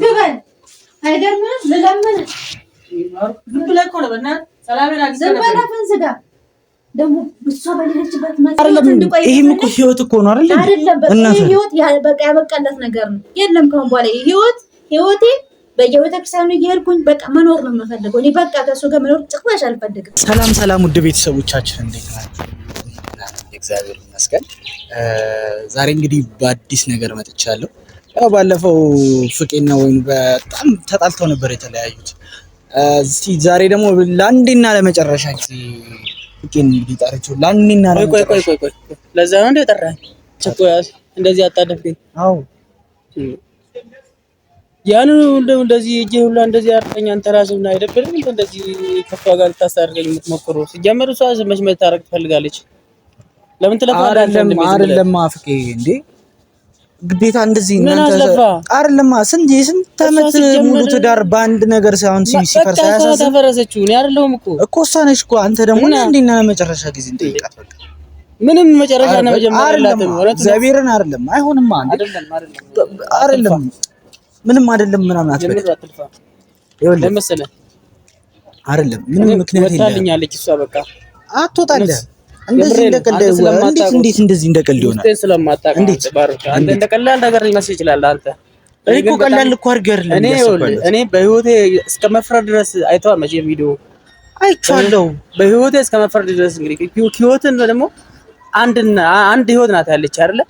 አስመግበን አይገርምህም? ልለምን ዝም ብለህ እኮ ነው። በእናትህ ሰላም እኮ ህይወት እኮ ነው አይደል? አይደለም ህይወት በቃ ያበቃላት ነገር ነው። የለም ከአሁን በኋላ ህይወት ህይወቴ በየቤተክርስቲያኑ እየሄድኩኝ በቃ መኖር ነው የምፈልገው። እኔ በቃ ከእሱ ጋር መኖር ጭራሽ አልፈልግም። ሰላም ሰላም፣ ውድ ቤተሰቦቻችን እንዴት ናቸው? እግዚአብሔር ይመስገን። ዛሬ እንግዲህ በአዲስ ነገር መጥቻለሁ። ያው ባለፈው ፍቄና ወይኑ በጣም ተጣልተው ነበር የተለያዩት። እስቲ ዛሬ ደግሞ ለአንዴና ለመጨረሻ ጊዜ ፍቄን እንግዲህ ጠርቼው ለአንዴና ለመጨረሻ ለዛ ነው እንደ ችኮ ያዝ እንደዚህ አጣደፍኝ። አዎ ያን እንደዚህ እጄ ሁላ እንደዚህ አድርገኝ። አንተ ራስህ ምን አይደብርም? እንደዚህ ከእሷ ጋር ልታስታርቀኝ የምትሞክሩ ሲጀመር እሷ መች መታረቅ ትፈልጋለች። ለምን ትለፋ አይደለም አይደለም አፍቄ እንዴ ግዴታ እንደዚህ አይደለማ። ስንት የስንት አመት ሙሉ ትዳር በአንድ ነገር ሳይሆን ሲፈርስ ተፈረሰችው። እኔ አይደለሁም እኮ እኮ እሷ ነች እኮ። አንተ ደግሞ እንዴት ነህ? ለመጨረሻ ጊዜ እንጠይቃት በቃ። ምንም መጨረሻ ነው መጀመሪያ። እግዚአብሔርን አይደለም፣ አይሆንማ። አይደለም ምንም አይደለም ምናምን አትበል። ይኸውልህ አይደለም ምንም ምክንያት የለም። አትወጣለህ እንደዚህ እንደቀልድ እንዴት እንደዚህ ይሆናል? አንተ ይችላል። አንተ እኮ ቀላል እኮ አድርገህ እኔ እኔ በህይወቴ እስከ መፍረድ ድረስ አይተዋል መቼም ቪዲዮ አይቻለሁ። በህይወቴ እስከ መፍረድ ድረስ እንግዲህ ህይወትን ደግሞ አንድ አንድ ህይወት ናት ያለች አይደለ?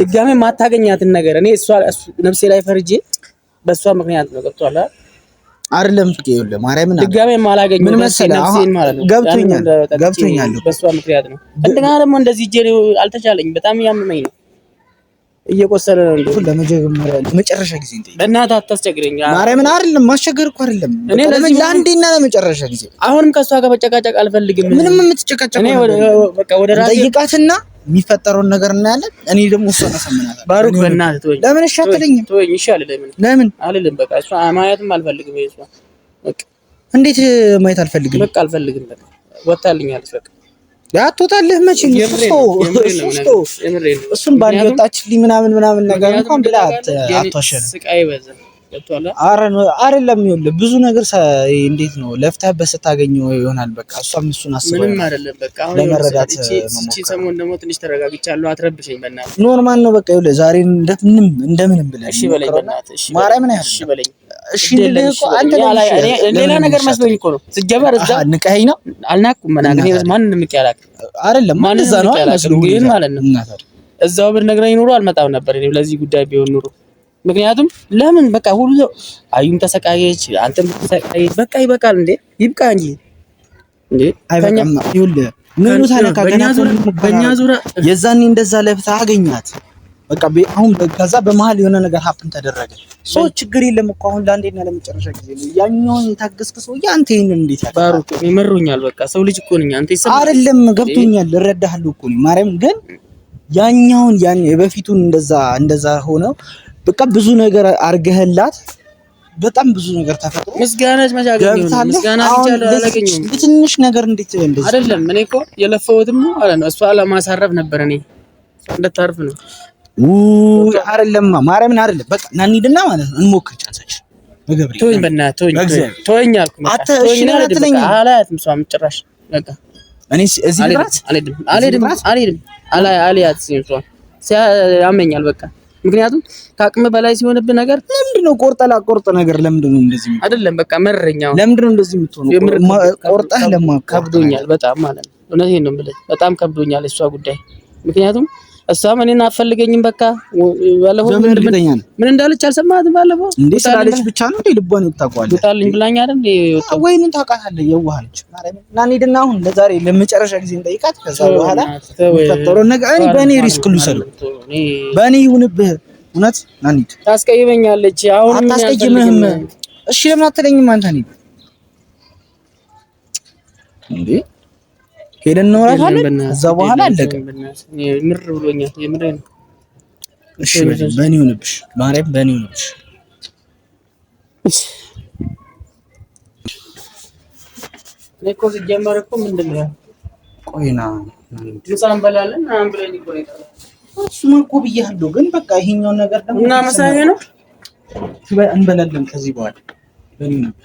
ድጋሜ ማታገኛትን ነገር እኔ እሷ ነፍሴ ላይ ፈርጄ በእሷ ምክንያት ነው ገብቶሃል? አይደለም ፍቄ ይኸውልህ፣ ማርያምን ድጋሜ ማላገኝ ምን መሰለህ፣ አሁን ገብቶኛል ገብቶኛል። በሷ ምክንያት ነው። እንደገና ደግሞ እንደዚህ እጄ አልተቻለኝ፣ በጣም ያመመኝ ነው፣ እየቆሰለ ነው። እንደው ለመጀመሪያ ለመጨረሻ ጊዜ እንዴ፣ በእናትህ አታስቸግረኝ። ማርያምን አይደለም ማስቸገር እኮ አይደለም፣ እኔ ለአንዴና ለመጨረሻ ጊዜ። አሁንም ከሷ ጋር መጨቃጨቅ አልፈልግም። ምንም የምትጨቃጨቅ እኔ በቃ ወደ ራሴ ጠይቃትና የሚፈጠረውን ነገር እናያለን። እኔ ደግሞ እሷ አሳምናለሁ። ባሩክ በእናትህ ተወኝ። ለምን እሺ አትለኝም? ተወኝ እሺ አልልም። ለምን አልልም? በቃ እሷ ማየትም አልፈልግም። እሷ በቃ እንዴት ማየት አልፈልግም? በቃ አልፈልግም። በቃ ወጣልኛለች። በቃ ያቶታልህ መቼ እሱን ባንድ ወጣችልኝ ምናምን ምናምን ነገር እንኳን ብላ አትዋሸንም። ስቃይ በዛ አይደለም ይኸውልህ፣ ብዙ ነገር እንዴት ነው ለፍተህበት ስታገኘው ይሆናል። በቃ እሷም እሱን አስበው አይደለም። በቃ አሁን ለመረዳት እቺ ሰሞን ደግሞ ትንሽ ተረጋግቻለሁ። አትረብሸኝ በእናትህ። ኖርማል ነው። በቃ ይኸውልህ፣ ዛሬ እንደምንም እንደምንም ብለህ እሺ በለኝ በእናትህ። እሺ ማርያምን፣ እሺ በለኝ። እሺ ሌላ ነገር መስሎኝ እኮ ነው። ስትጀመር እዛ ንቀኸኝ ነው። አልናቅኩም። መናገር ይወስ ማንንም አይደለም ማለት እዛ ነው ማለት ነው። እዛው ብር ነግረኝ ኑሮ አልመጣም ነበር እኔ ለዚህ ጉዳይ ቢሆን ኑሮ ምክንያቱም ለምን በቃ ሁሉ ሰው አዩም ተሰቃየች፣ አንተም ተሰቃየች። በቃ ይበቃል እንዴ ይብቃ እንጂ እንዴ አይበቃም። ይኸውልህ ምኑ ታለካ በእኛ ዙሪያ የዛኔ እንደዛ ለፍታ አገኛት። በቃ አሁን ከዛ በመሀል የሆነ ነገር ሀፕን ተደረገ። ሰው ችግር የለም እኮ አሁን ለአንዴና ለመጨረሻ ጊዜ ነው ያኛውን የታገስክ ሰውዬ አንተ ይሄንን እንዴት ያባሩ ይመሩኛል። በቃ ሰው ልጅ እኮ ነኝ። አንተ ይሰማል አይደለም? ገብቶኛል፣ እረዳሃለሁ እኮ ማርያም። ግን ያኛውን ያን የበፊቱን እንደዛ እንደዛ ሆነው በቃ ብዙ ነገር አርገህላት በጣም ብዙ ነገር ተፈጥሮ ምስጋናች መቻገኝ ትንሽ ነገር እንዴት እንደዚህ አይደለም። እኔ እኮ የለፈውትም ማለት ነው እሷ ለማሳረፍ ነበር እኔ እንደታርፍ ነው ኡ አይደለም ማርያምን አይደለም በቃ ናኒድና ማለት ነው እንሞክር ቻንሳች በገብሪ ተወኝ፣ በእናትህ ተወኝ፣ ቶኝ በና ቶኝ ቶኝ አልኩ አተ እሺ አትለኝ አላያትም እሷም ጭራሽ በቃ እኔ እዚህ ልብራት አልሄድም፣ አልሄድም፣ አልሄድም አላ አልያት ያመኛል በቃ ምክንያቱም ከአቅም በላይ ሲሆንብህ ነገር ለምንድን ነው ቆርጠ ላቆርጥ ነገር ለምንድን ነው እንደዚህ አይደለም፣ በቃ መረኛ ለምንድን እንደዚህ የምትሆነው? ቆርጠህ ለማ ከብዶኛል በጣም ማለት ነው። እውነቴን ነው የምልህ በጣም ከብዶኛል እሷ ጉዳይ ምክንያቱም እሷም እኔን አትፈልገኝም። በቃ ባለፈው ምን ምን እንዳለች አልሰማህም? ባለፈው እንዴ ስላለች ብቻ ነው እንዴ ልቧን ይጣቋል ይጣልኝ ብላኝ አይደል እንዴ ወይንም ታውቃታለህ፣ የዋህ ነች። እና እንሂድና አሁን ለዛሬ ለመጨረሻ ጊዜ እንጠይቃት። ከዛ በኋላ ተጠሮ ነገ እኔ በእኔ ሪስክ ልውሰድ፣ በእኔ ይሁንብህ። እውነት ና እንሂድ። ታስቀይመኛለች። አሁን አታስቀይምህም። እሺ ለምን አትለኝም አንተ? እንሂድ እንዴ ሄደን እንኖራታለን። እዛ በኋላ አለቀ። ምር ብሎኛል። የምር እሺ፣ በእኔ ሆነብሽ ማርያም፣ በእኔ ሆነብሽ። እኔ እኮ ሲጀመር እኮ ምንድን ነው ቆይና ምሳ እንበላለን ምናምን ብለኝ እኮ ነው እሱማ እኮ ብያለሁ፣ ግን በቃ ይሄኛውን ነገር ደግሞ እና መሳዬ ነው እንበላለን ከዚህ በኋላ በእኔ ሆነብሽ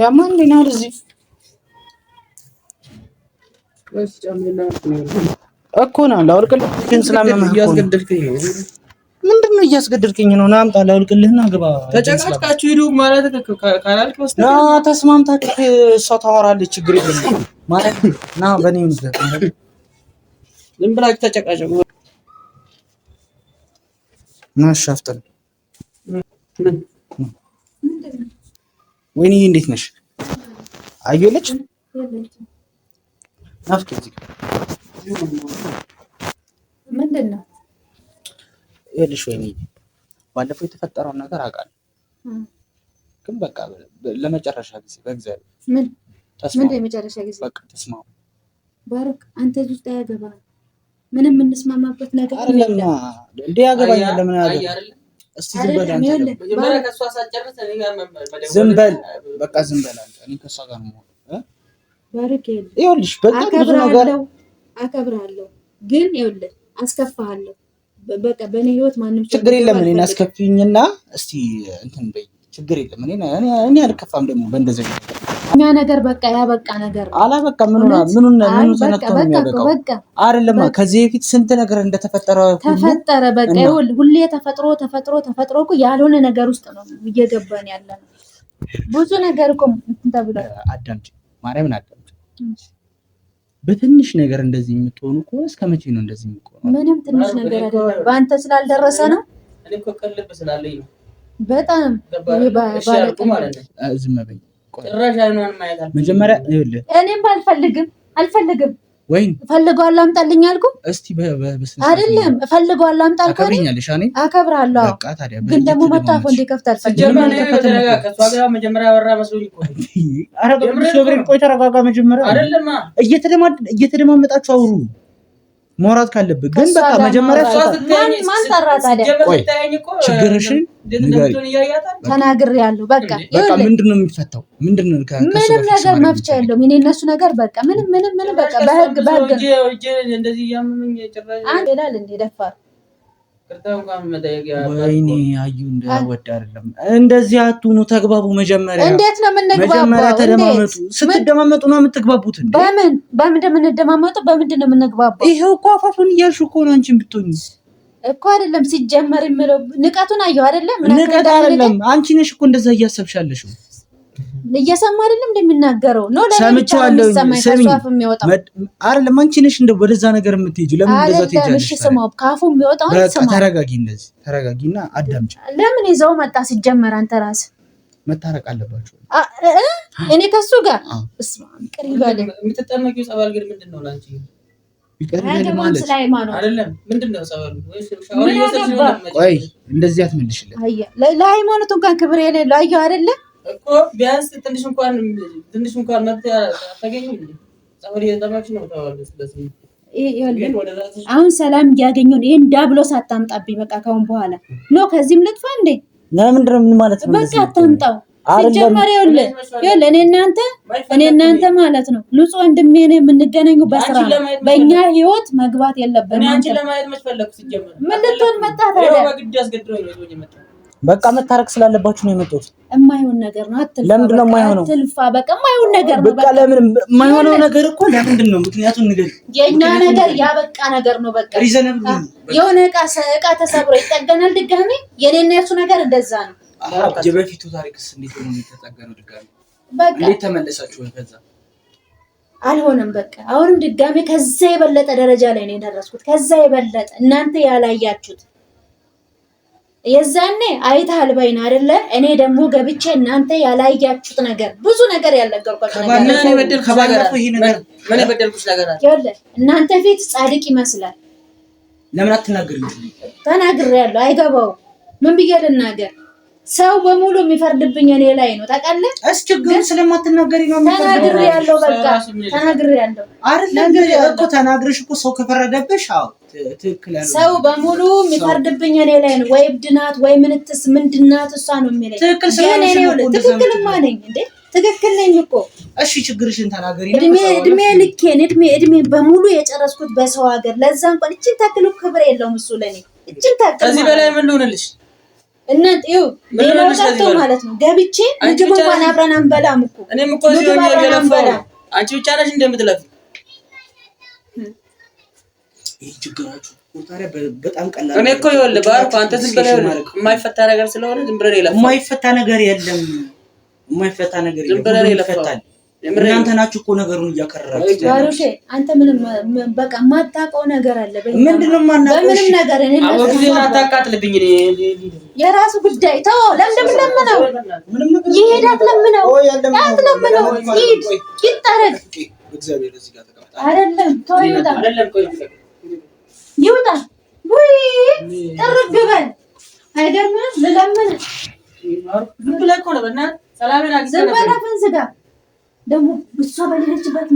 ደግሞ ነው እኮ ነው ላውልቅልህ ምንድን ነው እያስገደድክኝ ነው ላውልቅልህና ግባ ተጨቃጭቃችሁ ሂዱ ማለት ተስማምታችሁ እሷ ታወራለች ችግር የለም ማለት ና በእኔ ዝም ብላችሁ ናሻፍጥን ወይኔ እንዴት ነሽ? አየለች ናፍቄ እዚህ ምንድን ነው ይኸውልሽ፣ ወይኔ ባለፈው የተፈጠረውን ነገር አውቃለሁ፣ ግን በቃ ለመጨረሻ ጊዜ በእግዚአብሔር ምን የመጨረሻ ጊዜ በቃ ተስማሙ። ባሮክ አንተ እዚህ ውስጥ አያገባህም። ምንም የምንስማማበት ነገር አይደለም። እንደ ያገባኛል ለምን አያገባም እስቲ ዝም በል አንተ፣ ዝም በል በቃ ዝም በል አንተ። እኔ ከእሷ ጋር ነው ይኸውልሽ፣ በቃ ብዙ ነገር አከብርሃለሁ፣ ግን ይኸውልህ አስከፋሃለሁ። በቃ በእኔ ህይወት ማንም ችግር የለም። እኔን አስከፊኝና እስቲ እንትን በይ፣ ችግር የለም። እኔ እኔ አልከፋም ደግሞ በእንደዚህ ነገር እኛ ነገር በቃ ያ ነገር አላበቃ ምን ሆና ምን ሆና ምን ተነጥቶ ነው የሚያበቃው? አይደለም ከዚህ በፊት ስንት ነገር እንደተፈጠረ ተፈጠረ። በቃ ይሁን ሁሌ ተፈጥሮ ተፈጥሮ ተፈጥሮ እኮ ያልሆነ ነገር ውስጥ ነው እየገባን ያለ ነው። ብዙ ነገር እኮ እንትን ተብሏል። አዳምጪ፣ ማርያምን አዳምጪ። በትንሽ ነገር እንደዚህ የምትሆኑ ከሆነ እስከ መቼ ነው እንደዚህ የምትሆኑ? ምንም ትንሽ ነገር አይደለም። በአንተ ስላልደረሰ ነው በጣም ዝም በይ መጀመሪያ እኔም አልፈልግም አልፈልግም ወይ እፈልገዋለሁ አምጣልኝ አልኩህ። እስቲ አይደለም እፈልገዋለሁ አምጣ አልኩህ። አከብረኛለሽ እኔ አከብርሃለሁ፣ ግን ደግሞ መጣ እንዲከፍት አልፈልግም። መጀመሪያ ቆይ ተረጋጋ። መጀመሪያ እየተደማመጣችሁ አውሩ ማውራት ካለብህ ግን በቃ መጀመሪያ ችግርሽን ተናግሬያለሁ። በቃ ምንድን ነው የሚፈታው? ምንድን ነው ምንም ነገር መፍቻ የለውም። እኔ እነሱ ነገር በቃ ምንም ምንም ምንም በቃ በህግ በህግ አንድ ይላል እንደ ደፋር ወይኔ አዩ እንደወድ አይደለም። እንደዚህ አትሁኑ፣ ተግባቡ። መጀመሪያ እንዴት ነው የምንግባባው? መጀመሪያ ተደማመጡ። ስትደማመጡ ነው የምትግባቡት። እንዴ በምን በምንድን ነው የምንደማመጡ? በምንድን ነው የምንግባባው? ይሄው እኮ አፋፉን እያልሽ እኮ ነው አንቺን ብትሆኚ እኮ አይደለም። ሲጀመር የምለው ንቀቱን አየሁ አይደለም። ንቀት አይደለም። አንቺ ነሽ እኮ እንደዛ እያሰብሻለሽው እየሰማ አይደለም እንደሚናገረው ነው። ሰምቼዋለሁ። አይደለም አንቺ ነሽ እንደው ወደዛ ነገር የምትሄጂው ለምን እንደዛ ትሄጃለሽ? ስማው ካፉ የሚወጣው ተረጋጊ፣ እንደዚህ ተረጋጊና አዳምጪ። ለምን ይዘው መጣ ሲጀመር? አንተ ራስ መታረቅ አለባቸው። እኔ ከሱ ጋር እስማ ቅር ይበል። የምትጠመቂው ጸበል ግን ምንድን ነው ለአንቺ ለሃይማኖት እንኳን ክብር የሌለው አየሁ አይደለም እኮ ቢያንስ ትንሽ እንኳን ትንሽ እንኳን መብት አታገኝም። አሁን ሰላም እያገኘሁ ይሄን ዳብሎ ሳታምጣብኝ በቃ ከአሁን በኋላ ኖ ከዚህም ልጥፋ እንዴ? ለምንድን ነው ምን ማለት ነው? በቃ አታምጣው ሲጀመር ይኸውልህ ይኸውልህ እኔ እናንተ እኔ እናንተ ማለት ነው ንጹህ ወንድሜ ነው የምንገናኘው በስራ በእኛ ህይወት መግባት የለብንም። ምን ልትሆን መጣ ታዲያ? በቃ መታረቅ ስላለባችሁ ነው የመጡት። የማይሆን ነገር ነው። አትልፋ። ለምንድን ነው የማይሆነው? አትልፋ። በቃ የማይሆን ነገር ነው። በቃ ለምን የማይሆነው ነገር እኮ ለምንድን ነው? ምክንያቱም ንገሪኝ። የእኛ ነገር ያበቃ ነገር ነው። በቃ ሪዘነብል የሆነ ዕቃ ዕቃ ተሰብሮ ይጠገናል ድጋሜ። የኔና የሱ ነገር እንደዛ ነው። የበፊቱ ታሪክስ እንዴት ነው የሚጠገነው ድጋሜ? በቃ እንዴት ተመለሳችሁ? ከዛ አልሆነም። በቃ አሁንም ድጋሜ ከዛ የበለጠ ደረጃ ላይ ነው የደረስኩት። ከዛ የበለጠ እናንተ ያላያችሁት የዛኔ አይተሃል ባይን አይደለ? እኔ ደግሞ ገብቼ እናንተ ያላያችሁት ነገር ብዙ ነገር ያልነገርኳችሁ እናንተ ፊት ጻድቅ ይመስላል። ለምን አትናገር? ተናግሬያለሁ። አይገባው ምን ብዬ ልናገር? ሰው በሙሉ የሚፈርድብኝ እኔ ላይ ነው። ታውቃለህ? እስ ችግሩ ስለማትናገሪ ነው ተናግሬ ያለው በቃ ተናግሬ ያለው አይደል እኮ ተናግረሽ እኮ ሰው ከፈረደብሽ፣ አዎ ትክክል። ሰው በሙሉ የሚፈርድብኝ እኔ ላይ ነው። ወይ ብድናት ወይ ምንትስ ምንድናት እሷ ነው የሚለኝ። ትክክል ስለሆነ ትክክልማ ነኝ እንዴ? ትክክል ነኝ እኮ። እሺ ችግርሽን ተናገሪ። እድሜ እድሜ ልኬን እድሜ እድሜ በሙሉ የጨረስኩት በሰው ሀገር፣ ለዛ እንኳን እችን ታክል ክብር የለውም እሱ ለኔ። እችን ታክል ከዚህ በላይ ምን ልሆንልሽ እና ጤው ሌላው ማለት ነው ገብቼ ምግብ እንኳን አብረን አንበላም እኮ እኔም እኮ እዚህ ነው አንቺ ብቻ ነሽ ችግራችሁ በጣም ቀላል። እኔ እኮ ይኸውልህ ባርኩ፣ አንተ ዝም ብለህ የማይፈታ ነገር ስለሆነ ዝም ብለህ ነው የለፈው። የማይፈታ ነገር የለም፣ የማይፈታ ነገር የለም፣ እናንተ ናችሁ እኮ ነገሩን እያከረራችሁ። ባሩሼ አንተ ምንም በቃ የማታውቀው ነገር አለ። ምንድን ነው የማናውቀው? ምንም ነገር እኔ ጊዜን አታቃጥልብኝ። የራሱ ጉዳይ ተው። ለምንም ለምነው ይሄዳት፣ ለምነው ያት፣ ለምነው ሂድ፣ ይጠረግ። አይደለም ተው፣ ይውጣ፣ ይውጣ። ውይ ጥርግ በል። አይገርምህም? ልለምን ዝም ብለህ እኮ ነው በእናትህ ሰላሜን አግዘን ዝም በለህ ፍንስጋ ደግሞ እሷ በሌለችበት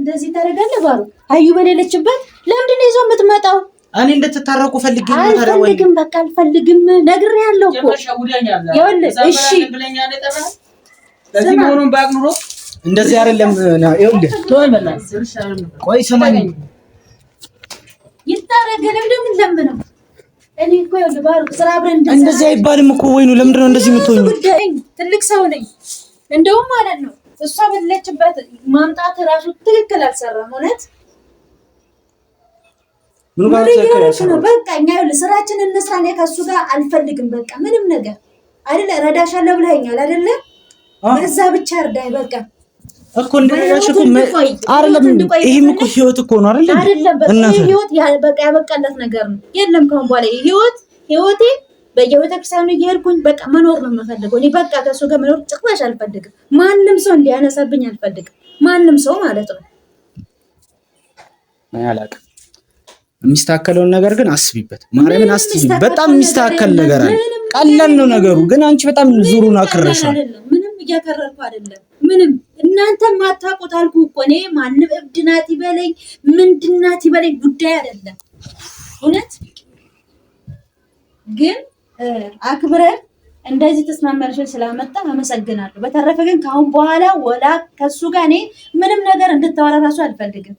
እንደዚህ ታደርጋለህ? ባሩ አዩ በሌለችበት ለምንድን ነው ይዞ የምትመጣው? እኔ እንድትታረቁ ፈልጌ አልፈልግም፣ በቃ አልፈልግም። ነግሬሃለሁ እኮ ይኸውልህ። እሺ እንደዚህ አይደለም። ይኸውልህ ቆይ ስማኝ፣ ይታረገ ለምንድን ነው የምንለምነው? እንደዚህ አይባልም እኮ ወይኑ። ለምንድን ነው እንደዚህ የምትሆኚው? ትልቅ ሰው ነኝ እንደውም ማለት ነው እሷ በሌለችበት ማምጣት ራሱ ትክክል አልሰራም። እውነት ነው። በቃ እኛ ስራችን እንስራ። እኔ ከሱ ጋር አልፈልግም። በቃ ምንም ነገር አይደለ። ረዳሻለሁ ብለኸኛል አይደለ? በዛ ብቻ እርዳኝ በቃ እኮ እንደሌላሽ እኮ አይደለም። ይሄም እኮ ህይወት እኮ ነው አይደለም? አይደለም በቃ ህይወት ያበቃለት ነገር ነው። የለም ከአሁን በኋላ ህይወት ህይወቴ በየቤተክርስቲያኑ እየሄድኩኝ በቃ መኖር ነው የምፈልገው። እኔ በቃ ከሱ ጋር መኖር ጭራሽ አልፈልግም። ማንም ሰው እንዲያነሳብኝ አልፈልግም። ማንም ሰው ማለት ነው። አላውቅም የሚስተካከለውን ነገር ግን አስቢበት። ማርያምን አስቢ። በጣም የሚስተካከል ነገር አለ። ቀላል ነው ነገሩ፣ ግን አንቺ በጣም ዙሩን አክረሻል። ምንም እያከረርኩ አይደለም። ምንም እናንተ ማታውቁት አልኩ እኮ እኔ። ማንም እብድናት ይበለኝ ምንድናት ይበለኝ ጉዳይ አይደለም እውነት ግን አክብረን እንደዚህ ተስማሚያልሽን ስላመጣ አመሰግናለሁ። በተረፈ ግን ከአሁን በኋላ ወላ ከሱ ጋር እኔ ምንም ነገር እንድታወራ ራሱ አልፈልግም።